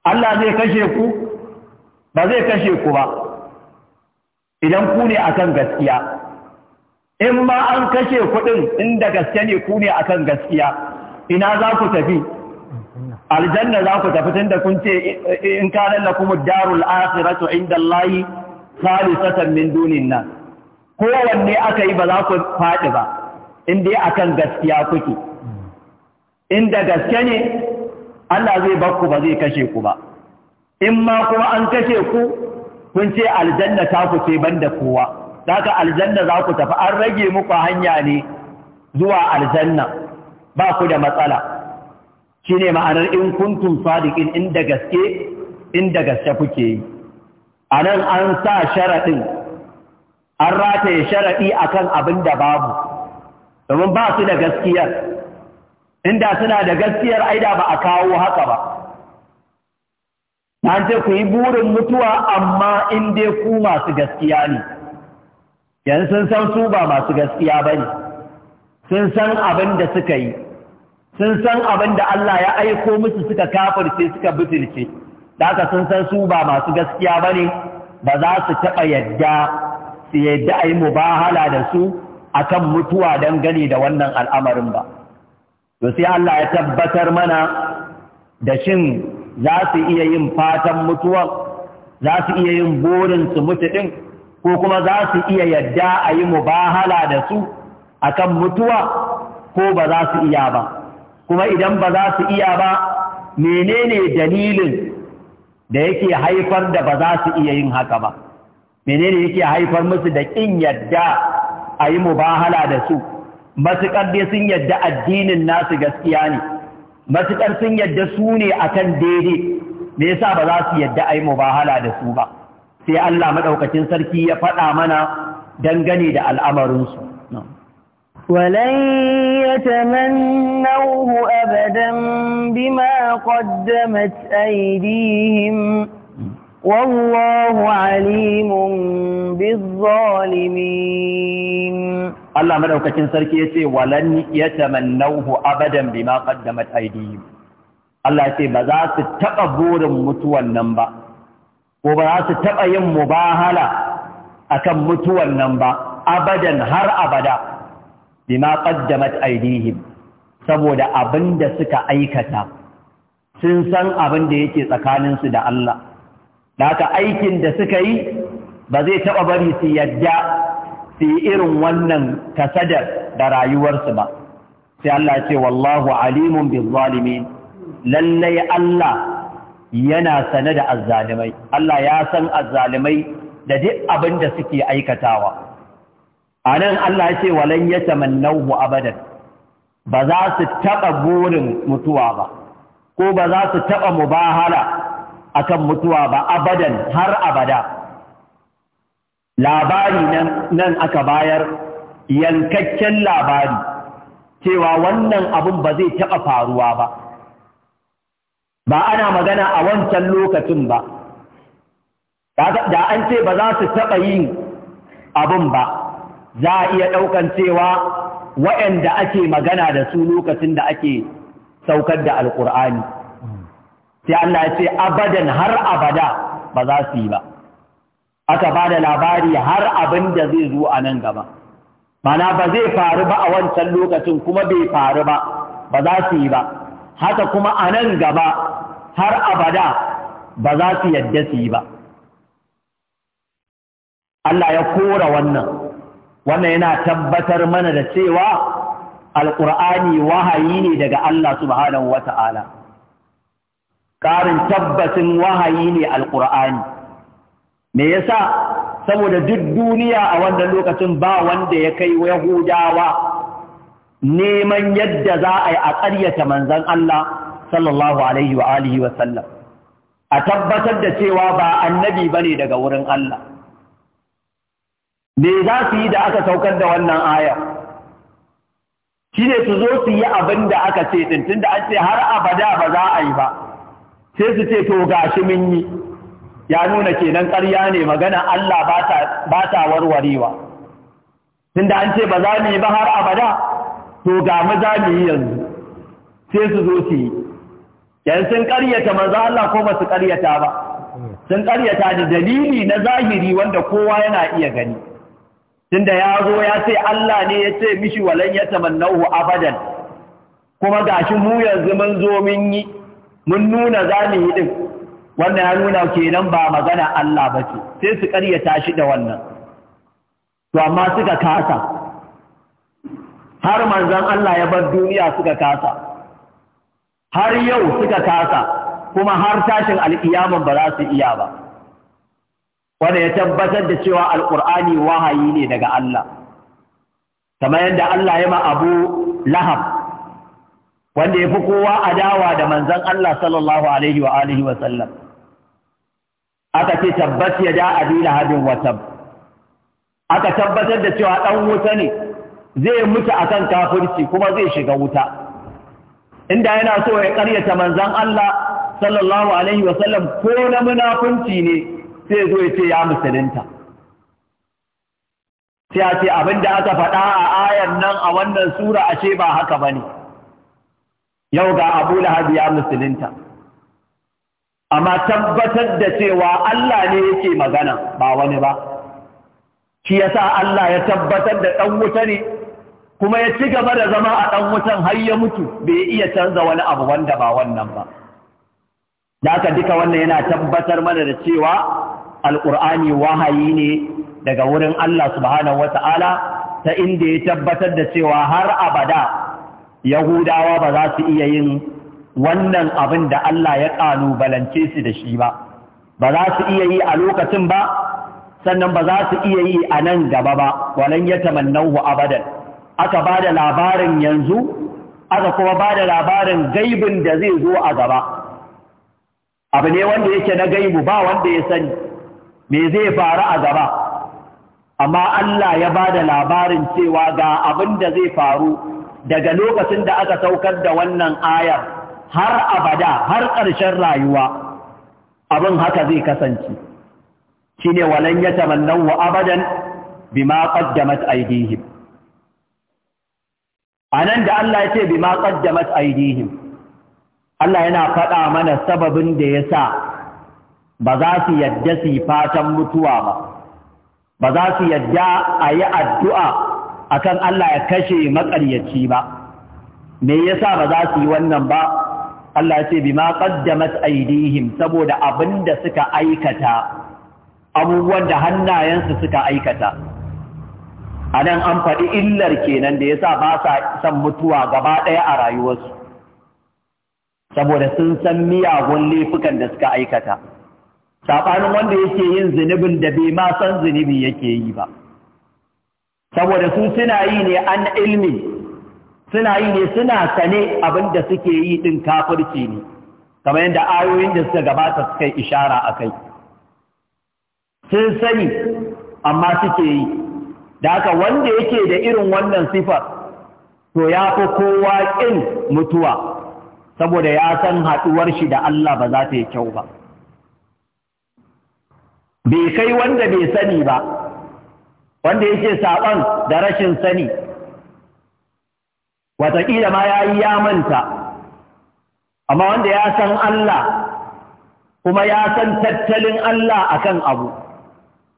Allah zai kashe ku ba zai kashe ku ba idan ku ne akan gaskiya in ma an kashe kuɗin inda gaske ne ku ne akan gaskiya ina za ku tafi aljanna za ku tafi tunda kun ce in kana lakum ad-darul akhiratu inda Allah khalisatan min dunin nan, kowanne aka yi ba za ku faɗi ba in dai akan gaskiya kuke inda gaske ne Allah zai bar ku ba zai kashe ku ba in ma kuma an kashe ku kun ce aljanna ta ku ce banda kowa daga aljanna za ku tafi an rage muku hanya ne zuwa aljanna ba ku da matsala Shi ne ma'anar in kuntun sadiƙin inda gaske inda gaske kuke yi anan an sa sharaɗin. an rataye sharaɗi akan abin da babu domin ba su da gaskiyar inda suna da gaskiyar aida ba a kawo haka ba an ce ku yi burin mutuwa amma in dai ku masu gaskiya ne yanzu sun san su ba masu gaskiya ba ne sun san abin da suka yi sun san abin da Allah ya aiko musu suka kafirce suka bitirce, da haka sun san su ba masu gaskiya ba ne ba za su taɓa yadda su yadda a yi mubahala da su akan mutuwa don gani da wannan al'amarin ba to sai Allah ya tabbatar mana da shin za su iya yin fatan mutuwan za su iya yin burin su mutu ɗin ko kuma za su iya yadda a yi mubahala da su akan mutuwa ko ba za su iya ba kuma idan ba za su iya ba menene dalilin da yake haifar da ba za su iya yin haka ba menene yake haifar musu da kin yadda a yi mubahala da su matuƙar dai sun yadda addinin nasu gaskiya ne matuƙar sun yadda su ne akan daidai me yasa ba za su yadda a yi mubahala da su ba sai Allah maɗaukacin sarki ya faɗa mana dangane da al'amarinsu ولن يتمنوه أبدا بما قدمت أيديهم والله عليم بالظالمين الله كتن سركي يتي ولن يتمنوه أبدا بما قدمت أيديهم الله يتي بذات تقبور متوى النمبا وبذات تقيم مباهلة أكم متوى النمبا أبدا هر أبدا bima qaddamat aydihim saboda abinda suka aikata sun san abinda da yake tsakaninsu da Allah daga aikin da suka yi ba zai taɓa bari su yadda su irin wannan kasadar da rayuwarsu ba sai Allah ce wallahu alimun bil zalimin lallai Allah yana sane da azzalimai Allah ya san azzalimai da duk abinda suke aikatawa a nan Allah ya ce walan ya tamannahu abadan ba za su taɓa burin mutuwa ba ko ba za su taɓa mubahala akan mutuwa ba abadan har abada labari nan aka bayar yankakken labari cewa wannan abun ba zai taɓa faruwa ba ba ana magana a wancan lokacin ba da an ce ba za su taɓa yin abun ba za a iya ɗaukan cewa waɗanda ake magana da su lokacin da ake saukar da alƙur'ani sai Allah ya ce abadan har abada ba za su yi ba aka ba da labari har abin da zai zo a nan gaba mana ba zai faru ba a wancan lokacin kuma bai faru ba ba za su yi ba haka kuma a nan gaba har abada ba za su yadda su yi ba Allah ya kora wannan wannan yana tabbatar mana da cewa alƙur'ani wahayi ne daga Allah subhanahu wata'ala ƙarin tabbacin wahayi ne alƙur'ani me yasa saboda duk duniya a wannan lokacin ba wanda ya kai yahudawa neman yadda za a yi a ƙaryata manzan Allah sallallahu alaihi wa alihi a tabbatar da cewa ba annabi bane daga wurin Allah me za su yi da aka saukar da wannan aya shi ne su zo su yi abin da aka ce tuntun da an ce har abada ba za a yi ba sai su ce to gashi mun yi ya nuna kenan ƙarya ne magana Allah ba ta warwarewa tun da an ce ba za mu yi ba har abada to ga mu za mu yi yanzu sai su zo su yi yan sun ƙaryata manzo Allah ko ba su ƙaryata ba sun ƙaryata da dalili na zahiri wanda kowa yana iya gani tunda ya zo ya ce Allah ne ya ce mishi walan ya tamannahu abadan kuma gashi mu yanzu mun zo mun yi mun nuna yi din wannan ya nuna kenan ba magana Allah bace sai su ƙaryata shi da wannan to amma suka kasa har manzon Allah ya bar duniya suka kasa har yau suka kasa kuma har tashin alkiyama ba za su iya ba wanda ya tabbatar da cewa alƙur'ani wahayi ne daga Allah kamar yadda Allah ya ma Abu Lahab wanda ya fi kowa adawa da manzan Allah sallallahu alaihi wa alihi sallam aka ce tabbas ya da abi lahabin wa aka tabbatar da cewa ɗan wuta ne zai mutu akan kafirci kuma zai shiga wuta inda yana so ya ƙaryata manzan Allah sallallahu alaihi wa sallam ko na munafunci ne sai zo ya ce ya musulunta sai a ce abin da aka faɗa a ayan nan a wannan sura ashe ba haka ba ne yau ga abu lahab ya musulunta amma tabbatar da cewa Allah ne yake magana ba wani ba shi sa Allah ya tabbatar da ɗan wuta ne kuma ya ci gaba da zama a ɗan wutan har ya mutu bai iya canza wani abu wanda ba wannan ba da haka duka wannan yana tabbatar mana da cewa alƙur'ani wahayi ne daga wurin Allah subhanahu wata'ala ta inda ya tabbatar da cewa har abada yahudawa ba za su iya yin wannan abin da Allah ya ƙalubalance su da shi ba ba za su iya yi a lokacin ba sannan ba za su iya yi a nan gaba ba walan ya tamannahu abadan aka bada labarin yanzu aka kuma bada labarin gaibin da zai zo a gaba abu ne wanda yake na gaibu ba wanda ya sani me zai faru a gaba amma Allah ya ba da labarin cewa ga abin da zai faru daga lokacin da aka saukar da wannan ayar har abada har ƙarshen rayuwa abin haka zai kasance shine walan wa abadan bima qaddamat aydihim anan da Allah ya ce bima qaddamat aydihim Allah yana faɗa mana sababin da ya sa. ba za su yadda su yi fatan mutuwa ba ba za su yadda a yi addu'a akan Allah ya kashe maƙaryaci ba me yasa ba za su yi wannan ba Allah ya ce bi ma qaddamat aydihim saboda abinda suka aikata abubuwan da hannayensu suka aikata A nan an faɗi illar kenan da yasa ba sa son mutuwa gaba ɗaya a rayuwarsu saboda sun san miyagun laifukan da suka aikata saɓanin wanda yake yin zunubin da bai ma san zunubi yake yi ba saboda su suna yi ne an ilmi suna yi ne suna sane abin da suke yi ɗin kafirci ne kamar yadda ayoyin da suka gabata suka yi ishara a kai sun sani amma suke yi da haka wanda yake da irin wannan sifar to ya fi kowa ƙin mutuwa saboda ya san haɗuwar shi da Allah ba za ta yi kyau ba bai kai wanda bai sani ba wanda yake saɓan da rashin sani wataƙila ma ya yi ya manta amma wanda ya san Allah kuma ya san tattalin Allah akan abu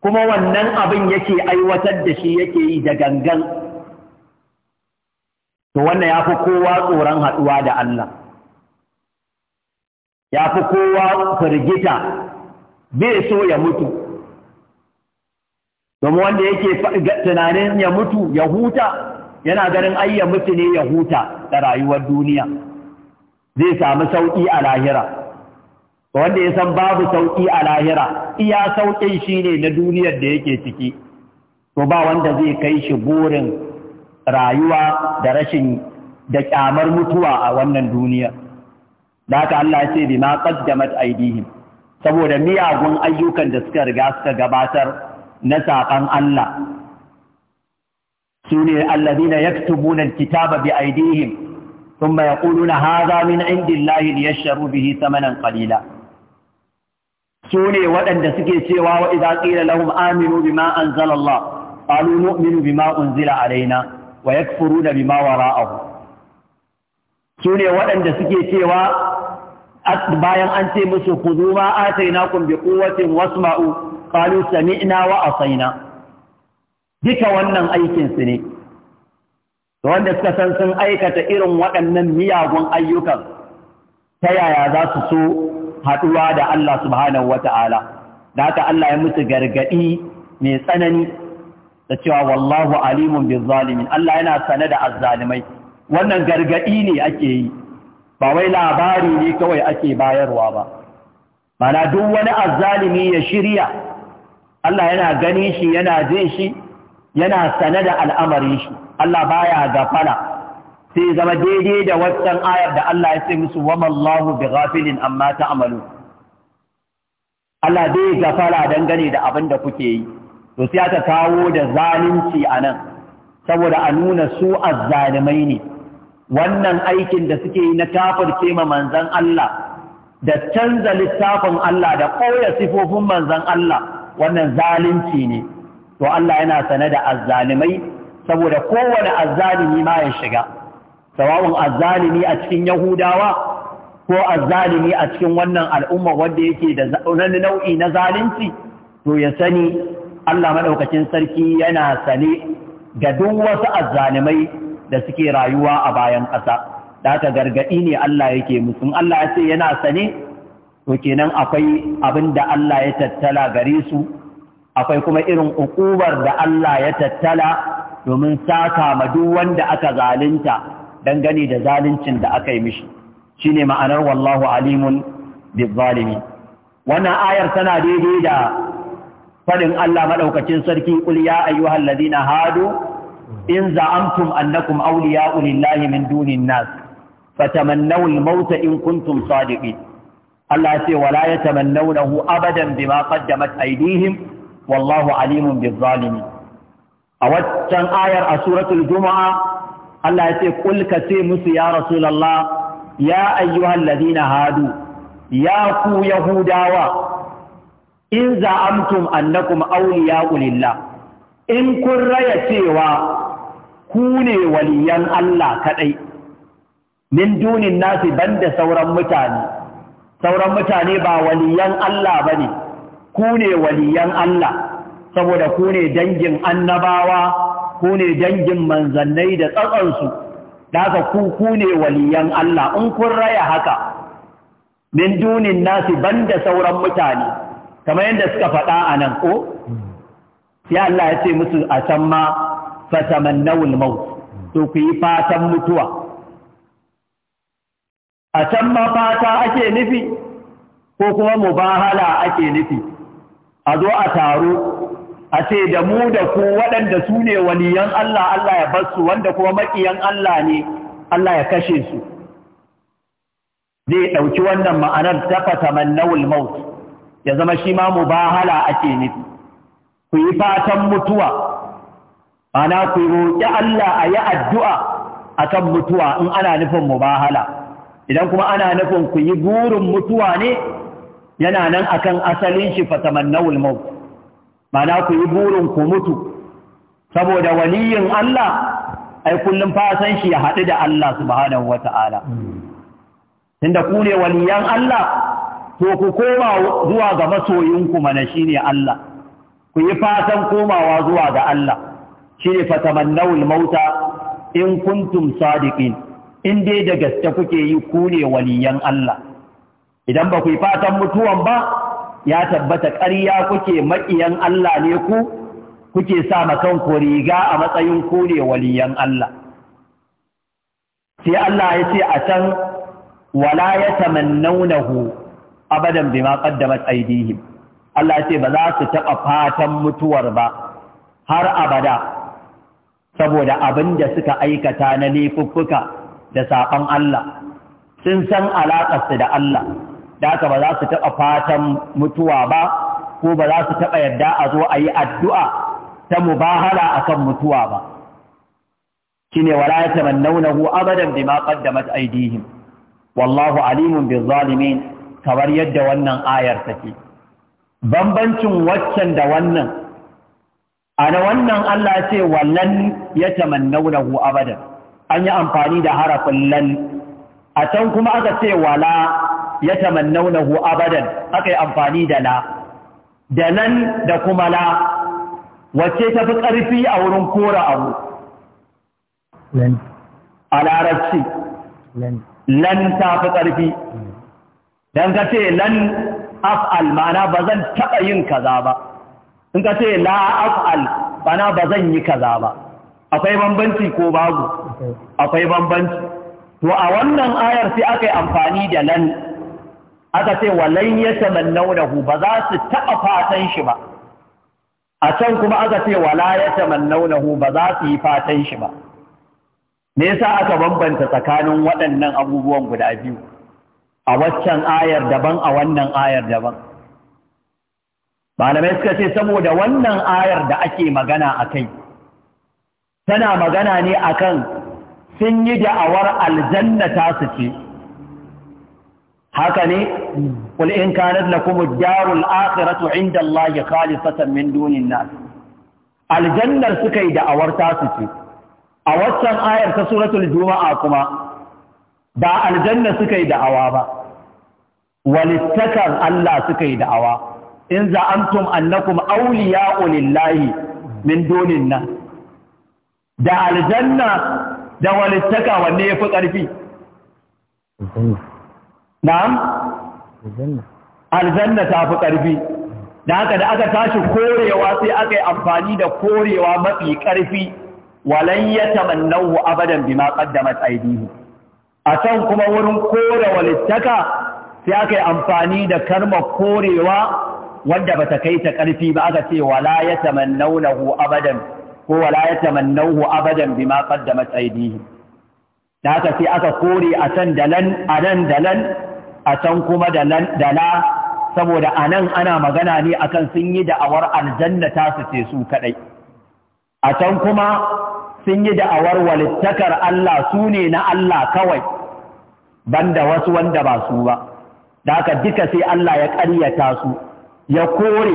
kuma wannan abin yake aiwatar da shi yake yi da gangan to wannan ya fi kowa tsoron haɗuwa da Allah ya fi kowa firgita bai so ya mutu domin wanda yake tunanin ya mutu ya huta yana ganin ai ya mutu ne ya huta da rayuwar duniya zai sami sauƙi a lahira wanda ya san babu sauƙi a lahira iya sauƙin shi ne na duniyar da yake ciki to ba wanda zai kai shi burin rayuwa da rashin da ƙyamar mutuwa a wannan duniya da haka Allah ya ce ma qaddamat aidihim saboda miyagun ayyukan da suka riga suka gabatar na saƙon Allah su ne allazina yaktubuna alkitaba bi aydihim thumma na haza min indillahi liyashtaru bihi thamanan qalila su ne waɗanda suke cewa wa idza qila lahum aminu bima anzala Allah qalu nu'minu bima a alaina wa yakfuruna bima wara'ahu su ne waɗanda suke cewa bayan an ce musu ku zo ma atainakum bi quwwatin wasma'u qalu sami'na wa na. duka wannan aikinsu ne. ne wanda suka san sun aikata irin waɗannan miyagun ayyukan ta yaya za su so haɗuwa da Allah subhanahu ta'ala. da haka Allah ya musu gargaɗi mai tsanani da cewa wallahu alimun bi zalimin Allah yana sane da azzalimai wannan gargaɗi ne ake yi ba wai labari ne kawai ake bayarwa ba mana duk wani azzalimi ya shirya Allah yana gani shi yana jin shi yana sane da al'amarin shi Allah baya gafala sai zama daidai da waccan ayar da Allah ya ce musu wa mallahu bi ghafilin amma ta'malu Allah bai gafala dangane da abin da kuke yi to sai aka kawo da zalunci anan saboda a nuna su azzalimai ne wannan aikin da suke yi na tafar ma manzan Allah da canza littafin Allah da ƙoya sifofin manzan Allah wannan zalunci ne to Allah yana sane da azzalimai saboda kowane azzalimi ma ya shiga sawa'un azzalimi a cikin yahudawa ko azzalimi a cikin wannan al'umma wanda yake da wani nau'i na zalunci to ya sani Allah madaukakin sarki yana sane ga duk wasu azzalimai da suke rayuwa a bayan ƙasa da ka gargaɗi ne Allah yake musu Allah ya ce yana sane to kenan akwai abin da Allah ya tattala gare su akwai kuma irin ukubar da Allah ya tattala domin saka ma duk wanda aka zalunta dangane da zaluncin da aka yi mishi shine ma'anar wallahu alimun bizzalimi wannan ayar tana daidai da faɗin Allah maɗaukacin sarki ƙulya ya ayyuhal ladina hadu in za'amtum annakum awliya'u lillahi min dunin nas fatamannaw al-maut in kuntum sadiqin Allah sai wala yatamannawnahu abadan bima qaddamat aydihim wallahu alimun bizzalimin a waccan ayar a suratul juma'a Allah ya ce kul ka ce musu ya rasulullah ya ayyuhal ladina hadu ya ku yahudawa in za'amtum annakum awliya'u lillah in kun raya cewa ku ne waliyan Allah kaɗai, min dunin nasi da sauran mutane, sauran mutane ba waliyan Allah ba ne, ku ne waliyan Allah, saboda ku ne dangin annabawa, ku ne dangin manzannai da tsatsansu, daga ku ku ne waliyan Allah, in kun raya haka, min dunin nasi da sauran mutane, kamar yadda suka faɗa a nan ko? Ya Allah ya ce musu a can ma fatamannawul maut to ku yi fatan mutuwa a can ma fata ake nufi ko kuma mubahala ake nufi a zo a taro a ce da mu da ku waɗanda su ne waliyan Allah Allah ya basu wanda kuma maƙiyan Allah ne Allah ya kashe su zai ɗauki wannan ma'anar ta fatamannawul maut ya zama shi ma mubahala ake nufi ku yi fatan mutuwa ana ku roƙi Allah a yi addu'a a kan mutuwa in ana nufin mubahala idan kuma ana nufin ku yi burin mutuwa ne yana nan a kan asalin shi fatamannawul maut mana ku yi burin ku mutu saboda waliyin Allah ai kullum fasan shi ya haɗu da Allah subhanahu wata'ala inda ku ne waliyan Allah to ku koma zuwa ga masoyinku mana shine Allah ku yi fasan komawa zuwa ga Allah shine fatamannawul mauta in kuntum sadiqin in dai da gaske kuke yi ku ne waliyan Allah idan ba ku yi fatan mutuwan ba ya tabbata ƙarya kuke maƙiyan Allah ne ku kuke sa makan ko riga a matsayin ku ne waliyan Allah sai Allah ya ce a can wala ya tamannawnahu abadan bima qaddamat aydihim Allah ya ce ba za su taɓa fatan mutuwar ba har abada saboda abin da suka aikata na laifuffuka da saƙon Allah sun san alaƙarsu da Allah da aka ba za su taɓa fatan mutuwa ba ko ba za su taɓa yadda a zo a yi addu'a ta mubahala a kan mutuwa ba shi ne wala ya tamannaunahu abadan bima qaddamat aydihim wallahu alimun bil zalimin kamar yadda wannan ayar take bambancin waccan da wannan ana wannan Allah ce wallan ya hu abadan an yi amfani da harafin lan a can kuma aka ce wala ya hu abadan aka yi amfani da la da nan da kuma la wacce ta fi ƙarfi a wurin kora abu a larabci lan ta fi ƙarfi mm. Dan ka ce lan af'al ma'ana ba zan taɓa yin kaza ba in ka ce la af'al bana ba zan yi kaza ba akwai bambanci ko babu akwai bambanci to a wannan ayar sai aka yi amfani da lan aka ce walan yatamannawnahu ba za su taba fatan shi ba a can kuma aka ce wala ya yatamannawnahu ba za su yi fatan shi ba me yasa aka bambanta tsakanin waɗannan abubuwan guda biyu a waccan ayar daban a wannan ayar daban malamai suka ce saboda wannan ayar da ake magana a kai tana magana ne akan sun yi da'awar aljanna ta su ce haka ne qul in kanat lakum ad akiratu 'inda Allah khalisatan min dunin nan, aljannar suka yi da'awar ta su ce a waccan ayar ta suratul juma'a kuma ba aljanna suka yi da'awa ba walittakar Allah suka yi da'awa in za'antum annakum awliya'u lillahi min dunin nan da aljanna da walittaka wanne yafi karfi na'am aljanna ta fi karfi da haka da aka tashi korewa sai aka yi amfani da korewa mafi karfi walan yatamannahu abadan bima qaddamat aydihi a can kuma wurin kore walittaka sai aka yi amfani da karma korewa wadda bata kai ta ƙarfi ba aka ce wala ya tamannawnahu abadan ko wala ya tamannahu abadan bima qaddamat aydihi da aka sai aka kore a can dalan a nan dalan a can kuma dalan dala saboda a nan ana magana ne akan sun yi da'awar aljanna ta su ce su kadai a can kuma sun yi da'awar walittakar Allah su ne na Allah kawai banda wasu wanda ba su ba da haka duka sai Allah ya ƙaryata su ya kore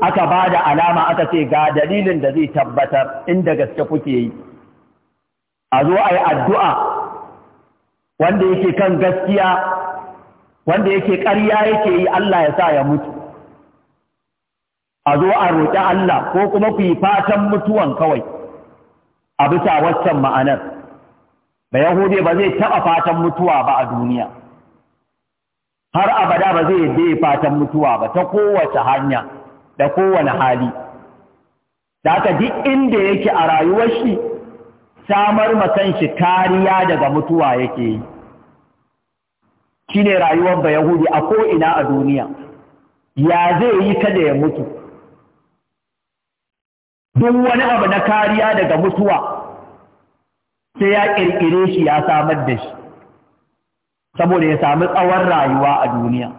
aka ba da alama aka ce ga dalilin da zai tabbatar inda gaske kuke yi a zo a yi addu'a wanda yake kan gaskiya wanda yake ƙarya yake yi Allah ya sa ya mutu a zo a roƙi Allah ko kuma ku yi fatan mutuwan kawai a bisa waccan ma'anar ba yahude ba zai taɓa fatan mutuwa ba a duniya har abada ba zai yadda ya fatan mutuwa ba ta kowace hanya da kowane hali da aka duk inda yake a rayuwar shi samar makan shi kariya daga mutuwa yake yi shine rayuwar ba yahudi a ko'ina a duniya ya zai yi kada ya mutu duk wani abu na kariya daga mutuwa sai ya ƙirƙire shi ya samar da shi saboda ya sami tsawon rayuwa a duniya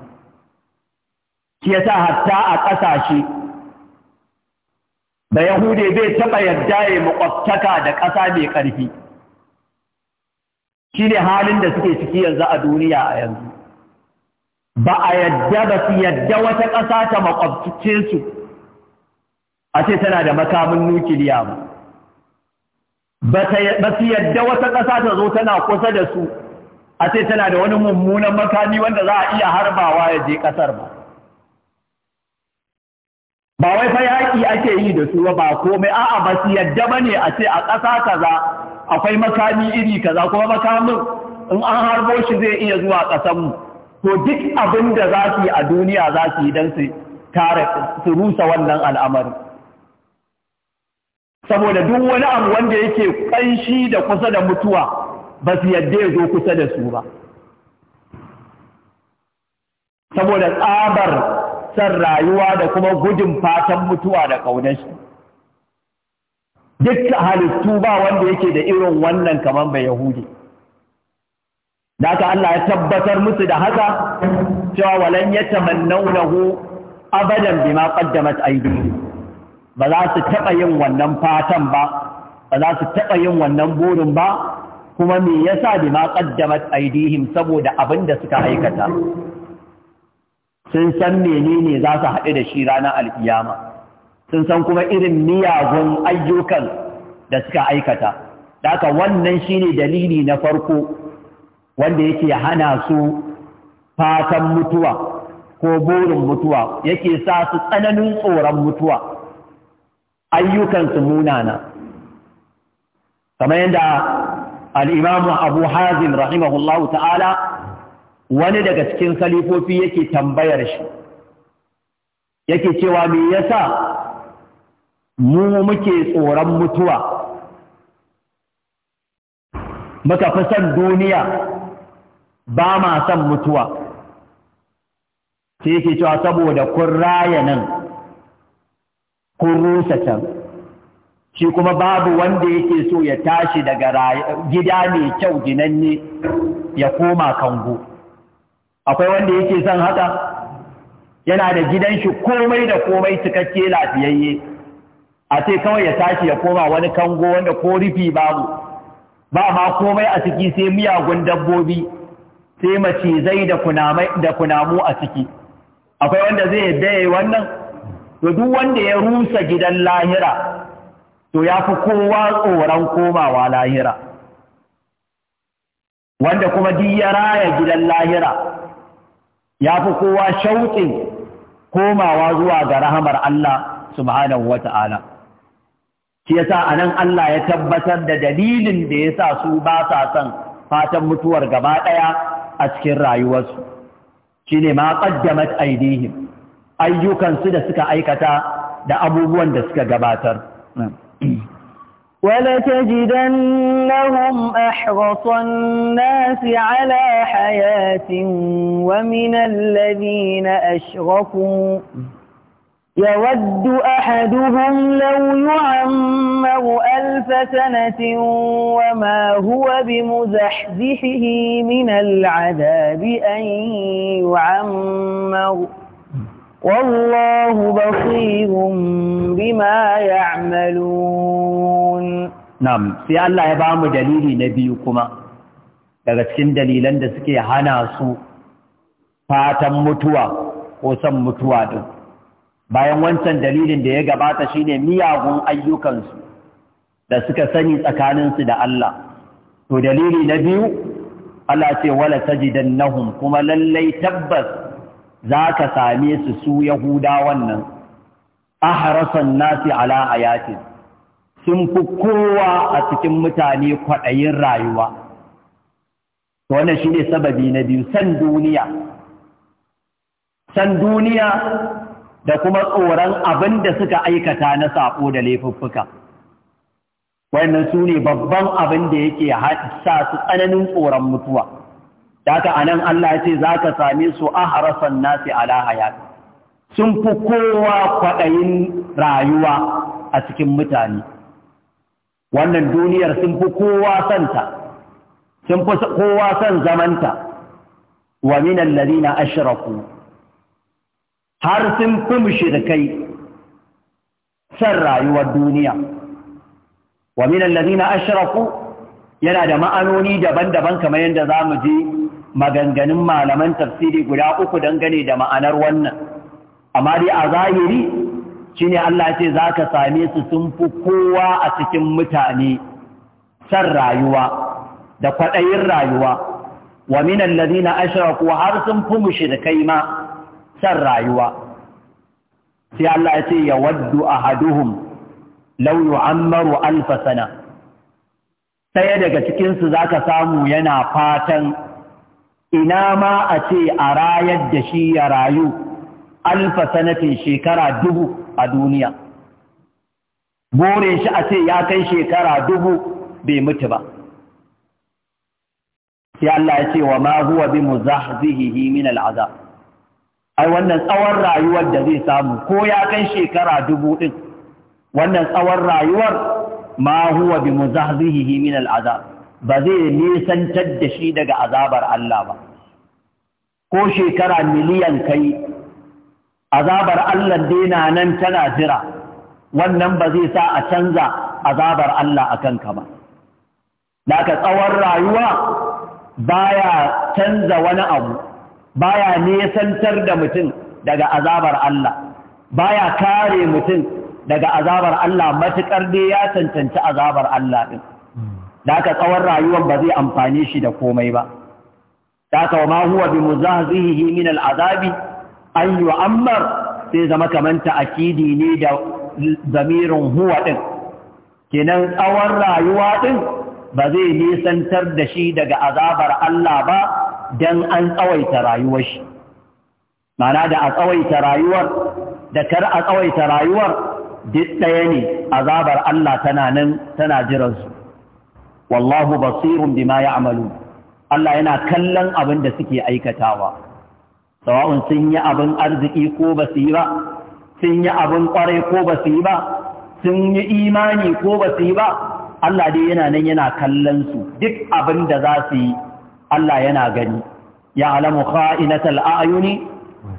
shi yasa hatta a ƙasashe da yahude bai taɓa yarda ya makwabtaka da ƙasa mai ƙarfi shi ne halin da suke ciki yanzu a duniya a yanzu ba a yadda ba su yadda wata ƙasa ta maƙwabtacinsu. a ce tana da makamin nukiliya ba ba su yadda wata ƙasa ta zo tana kusa da su a ce tana da wani mummunan makami wanda za a iya harbawa ya je ƙasar ba ba wai fa yaƙi ake yi da su ba komai a'a ba su yadda ba ne a ce a ƙasa kaza akwai makami iri kaza kuma makamin in an harbo shi zai iya zuwa ƙasanmu to duk abin da za su yi a duniya za su yi don su rusa wannan al'amari saboda duk wani abu wanda yake ƙanshi da kusa da mutuwa ba su yadda ya zo kusa da su ba saboda tsabar san rayuwa da kuma gudun fatan mutuwa da ƙaunashi duk halittu ba wanda yake da irin wannan kamar bai yahudi da haka Allah ya tabbatar musu da haka cewa walan ya tamannaunahu abadan bima qaddamat aydihim ba za su taɓa yin wannan fatan ba ba za su taɓa yin wannan burin ba kuma me yasa ma qaddamat aidihim saboda abin da suka aikata sun san menene za su haɗu da shi ranar alkiyama sun san kuma irin miyagun ayyukan da suka aikata daga wannan shine dalili na farko wanda yake hana su fatan mutuwa ko burin mutuwa yake sa su tsananin tsoron mutuwa ayyukan su munana kamar yadda al'imamu abu hazim rahimahullahu ta'ala wani daga cikin kalifofi yake tambayar shi yake cewa me yasa mu muke tsoron mutuwa muka fi son duniya ba ma son mutuwa sai yake saboda kun raya nan kun rusa can shi kuma babu wanda yake so ya tashi daga gida mai kyau ginanne ya koma kango akwai wanda yake son haka yana da gidan shi komai da komai cikakke lafiyayye a ce kawai ya tashi ya koma wani kango wanda ko rufi babu ba ma komai a ciki sai miyagun dabbobi sai macizai da kunamu a ciki akwai wanda zai ya yi wannan to duk wanda ya rusa gidan lahira to ya fi kowa tsoron komawa lahira wanda kuma duk ya raya gidan lahira ya fi kowa shauƙin komawa zuwa ga rahamar Allah subhanahu wata'ala shi yasa anan Allah ya tabbatar da dalilin da ya sa su ba sa son fatan mutuwar gaba ɗaya a cikin rayuwarsu shi ne ma ƙaddamat aidihim ayyukansu da suka aikata da abubuwan da suka gabatar <clears throat> ولتجدنهم أحرص الناس على حياة ومن الذين أشركوا يود أحدهم لو يعمر ألف سنة وما هو بمزحزحه من العذاب أن يعمر والله بصير بما يعملون نعم sai Allah ya bamu دليلي dalili na biyu kuma daga cikin dalilan da suke hana su fatan mutuwa ko son mutuwa din bayan wancan dalilin da ya gabata shine miyagun ayyukansu da suka sani tsakanin su da Allah to dalili na biyu Allah ce wala tajidannahum kuma lallai tabbas za ka same su su yahuda wannan aharasan nasi ala hayatin sun fi kowa a cikin mutane kwaɗayin rayuwa wannan shi ne sababi na biyu san duniya san duniya da kuma tsoron abin da suka aikata na saƙo da laifuffuka wannan su ne babban abin da yake sa su tsananin tsoron mutuwa Daka a nan Allah ya ce za ka same su a harasan nasi ala hayat. Sun fi kowa kwaɗayin rayuwa a cikin mutane. Wannan duniyar sun fi kowa santa, sun fi kowa son zamanta, wa minan lalina ashiraku. Har sun fi mushrikai son rayuwar duniya. Wa minan lalina ashiraku yana da ma'anoni daban-daban kamar yadda za mu je maganganun malaman tafsiri guda uku dangane da ma'anar wannan amma dai a zahiri shine Allah ce za ka same su sun fi kowa a cikin mutane san rayuwa da kwaɗayin rayuwa wa minan alladhina ashraku har sun fi mushrikai ma san rayuwa sai Allah ya ce ya waddu ahaduhum law yu'ammaru alf sana sai daga cikin su zaka samu yana fatan ina ma a ce a rayar da shi ya rayu alfa sanatin shekara dubu a duniya bore shi a ce ya kai shekara dubu bai mutu ba sai Allah ya ce wa ma huwa bi muzahzihi min al'azab ai wannan tsawon rayuwar da zai samu ko ya kai shekara dubu din wannan tsawon rayuwar ma huwa bi muzahzihi min al'azab ba zai nisantar da shi daga azabar Allah ba ko shekara miliyan kai azabar Allah dina nan tana jira wannan ba zai sa a canza azabar Allah a kanka ba Na ka tsawon rayuwa baya canza wani abu baya nesantar da mutum daga azabar Allah baya kare mutum daga azabar Allah matuƙar dai ya cancanci azabar Allah ɗin. da aka tsawon rayuwan ba zai amfane shi da komai ba da aka wa huwa bi muzahzihi min al'azabi an yu'ammar sai zama kaman ta'kidi ne da zamirin huwa ɗin. kenan tsawon rayuwa ɗin ba zai nisantar da shi daga azabar Allah ba dan an tsawaita rayuwar shi mana da a tsawaita rayuwar da kar a tsawaita rayuwar duk ɗaya ne azabar Allah tana nan tana jiransu wallahu basirun bima ya'malu Allah yana kallon abin da suke aikatawa sawa'un sun yi abin arziki ko ba su yi ba sun yi abin kwarai ko ba su yi ba sun yi imani ko ba su yi ba Allah dai yana nan yana kallon su duk abin da za su yi Allah yana gani ya'lamu kha'inatal a'yuni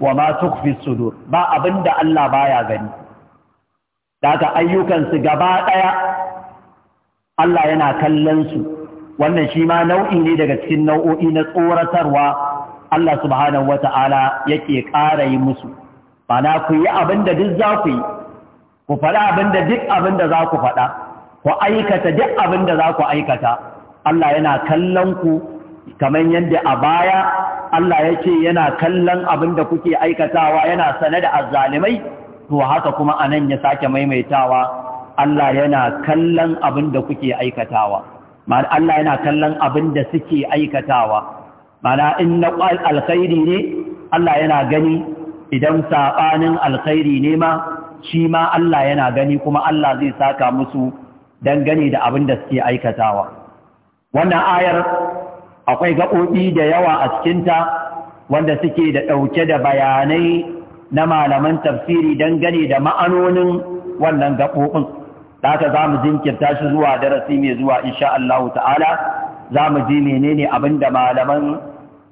wa ma tukhfi sudur ba abin da Allah baya gani daga ayyukan su gaba daya Allah yana kallon su wannan shi ma nau'i ne daga cikin nau'o'i na tsoratarwa Allah subhanahu wata'ala yake ƙara yi musu bana ku yi abin da duk za ku yi ku faɗa abin da duk abin da za ku faɗa ku aikata duk abin da za ku aikata Allah yana kallon ku kamar yadda a baya Allah ya ce yana kallon abin da kuke aikatawa yana sane da azzalimai to haka kuma anan ya sake maimaitawa Allah yana kallon abin da kuke aikatawa ma'ana Allah yana kallon abin da suke aikatawa ma'ana in na alkhairi ne Allah yana gani idan saɓanin alkhairi ne ma shi ma Allah yana gani kuma Allah zai saka musu dangane da abin da suke aikatawa wannan ayar akwai gaɓoɓi da yawa a cikinta wanda suke da ɗauke da bayanai na malaman tafsiri dangane da ma'anonin wannan gaɓoɓin da haka za mu jinkirta shi zuwa darasi mai zuwa insha Allah ta'ala za mu ji menene abin da malaman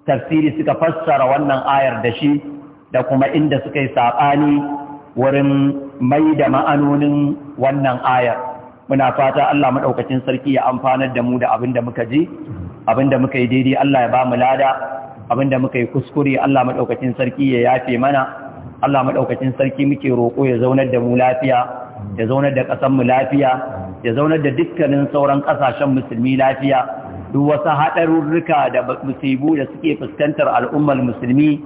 tafsiri suka fassara wannan ayar da shi da kuma inda suka yi saɓani wurin mai da ma'anonin wannan ayar muna fata Allah maɗaukacin sarki ya amfanar da mu da abin da muka ji abin da muka yi daidai Allah ya ba mu lada abin da muka yi kuskure Allah maɗaukacin sarki ya yafe mana Allah maɗaukacin sarki muke roƙo ya zaunar da mu lafiya ya zaunar da ƙasarmu lafiya ya zaunar da dukkanin sauran ƙasashen musulmi lafiya duk wasu haɗarurruka da musibu da suke fuskantar al'ummar musulmi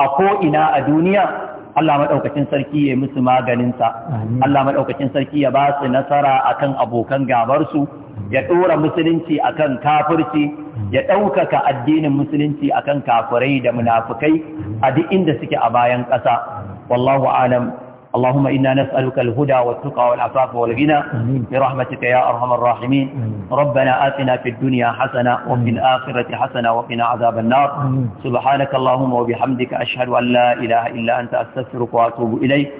a ko ina a duniya Allah maɗaukacin sarki ya musu maganinsa Allah maɗaukacin sarki ya ba su nasara akan abokan gabarsu ya ɗora musulunci akan kafirci ya ɗaukaka addinin musulunci akan kafirai da munafukai a duk inda suke a bayan ƙasa wallahu alam اللهم إنا نسألك الهدى والتقى والعفاف والغنى برحمتك يا أرحم الراحمين ربنا آتنا في الدنيا حسنة وفي الآخرة حسنة وقنا عذاب النار سبحانك اللهم وبحمدك أشهد أن لا إله إلا أنت أستغفرك وأتوب إليك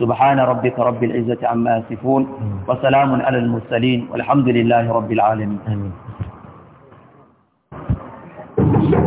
سبحان ربك رب العزة عما يصفون وسلام على المرسلين والحمد لله رب العالمين